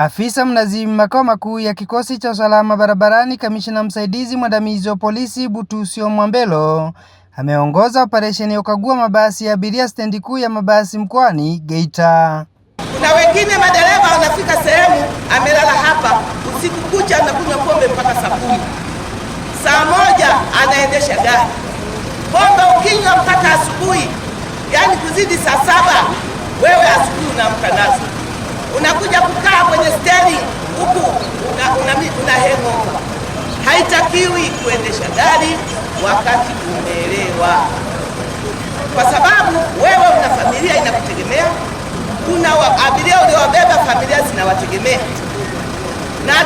Afisa mnazimi makao makuu ya kikosi cha usalama barabarani, kamishna msaidizi mwandamizi wa polisi Butusio Mwambelo ameongoza operesheni ya kukagua mabasi ya abiria stendi kuu ya mabasi mkoani Geita. Kuna wengine madereva wanafika sehemu amelala hapa usiku kucha, anakunywa pombe mpaka saa kumi, saa moja anaendesha gari pombe ukinywa mpaka asubuhi, yaani kuzidi saa saba, wewe asubuhi unaamka nazo unakuja kukaa kwenye stendi huku una, una hengova. Haitakiwi kuendesha gari wakati umeelewa, kwa sababu wewe una familia inakutegemea, kuna abiria uliowabeba, familia zinawategemea, na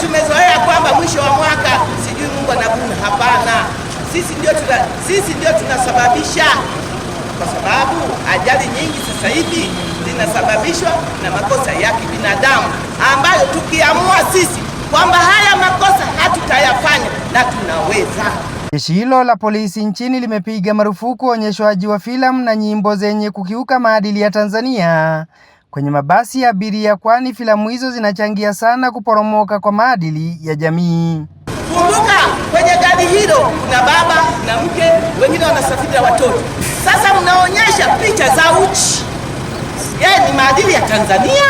tumezoea kwamba mwisho wa mwaka sijui Mungu anavuna. Hapana, sisi ndio tuna, sisi ndio tunasababisha, kwa sababu ajali nyingi sasa hivi zinasababishwa na makosa ya kibinadamu ambayo tukiamua sisi kwamba haya makosa hatutayafanya na tunaweza. Jeshi hilo la polisi nchini limepiga marufuku uonyeshwaji wa filamu na nyimbo zenye kukiuka maadili ya Tanzania kwenye mabasi ya abiria, kwani filamu hizo zinachangia sana kuporomoka kwa maadili ya jamii. Kumbuka, kwenye gari hilo kuna baba na mke Tanzania?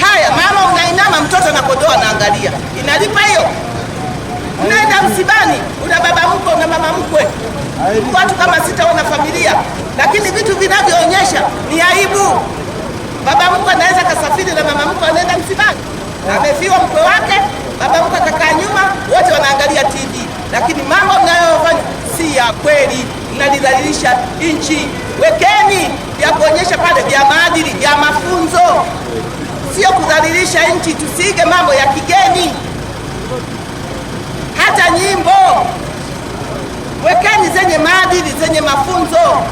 Haya, mama unainama, mtoto nakodoa, naangalia, inalipa hiyo? Unaenda msibani, una baba mkwe, una mama mkwe, watu kama sitaona familia, lakini vitu vinavyoonyesha ni aibu. Baba mkwe anaweza kasafiri na mama mkwe, anaenda msibani, amefiwa mkwe wake, baba mkwe akakaa nyuma, wote wanaangalia TV, lakini mambo mnayofanya si ya kweli, mnadhalilisha nchi. Wekeni vya kuonyesha pale vya maadili vya mafunzo, sio kudhalilisha nchi. Tusiige mambo ya kigeni, hata nyimbo wekeni zenye maadili zenye mafunzo.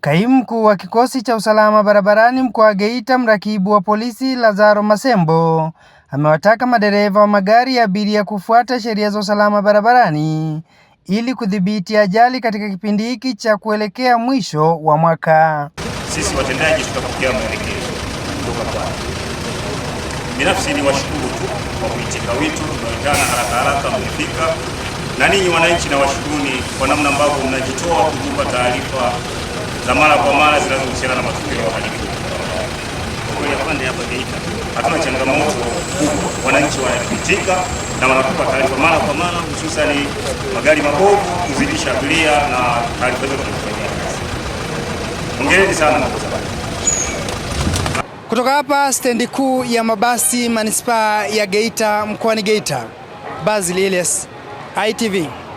Kaimu mkuu wa kikosi cha usalama barabarani mkoa wa Geita, mrakibu wa polisi Lazaro Masembo amewataka madereva wa magari ya abiria kufuata sheria za usalama barabarani ili kudhibiti ajali katika kipindi hiki cha kuelekea mwisho wa mwaka sisi watendaji tutapokea maelekezo kutoka kwao. Binafsi ni washukuru tu kwa kuitika wito tunaoitana haraka haraka, mmefika na ninyi wananchi, na washukuruni kwa namna ambavyo mnajitoa kutupa taarifa za mara kwa mara zinazohusiana na matukio ya uhalifu. Hatuna changamoto kubwa, wananchi wanapitika na wanatupa taarifa mara kwa mara, hususani magari mabovu kuzidisha abiria na taarifa hizo Hongereni sana makosa. Kutoka hapa stendi kuu ya mabasi manispaa ya Geita mkoani Geita, Basil Elias, ITV.